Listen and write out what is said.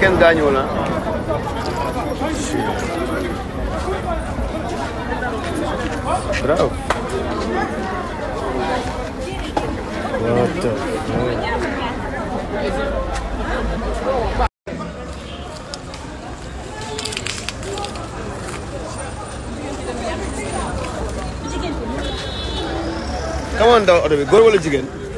Quem ganhou lá? Bravo. What the fuck? comment daw oto bi góor wala jigéen.